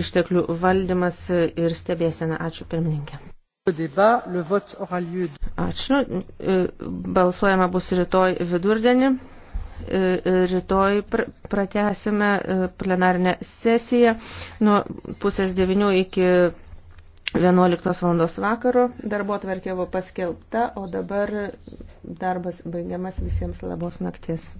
išteklių valdymas ir stebėsena. Ačiū pirmininkė. Ačiū. Nu, e, balsuojama bus rytoj vidurdienį. E, e, rytoj pr pratęsime plenarinę sesiją nuo pusės devinių iki 11 valandos vakaro. Darbo tvarkė buvo paskelbta, o dabar darbas baigiamas visiems labos nakties.